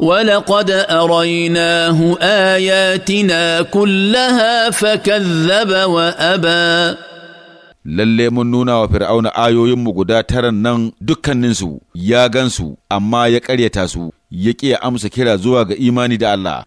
ولقد اريناه اياتنا كلها فكذب وابى lalle mun nuna wa fir'auna ayoyinmu guda taran nan dukkaninsu ya gansu amma ya ƙaryata su ya ƙi amsa kira zuwa ga imani da Allah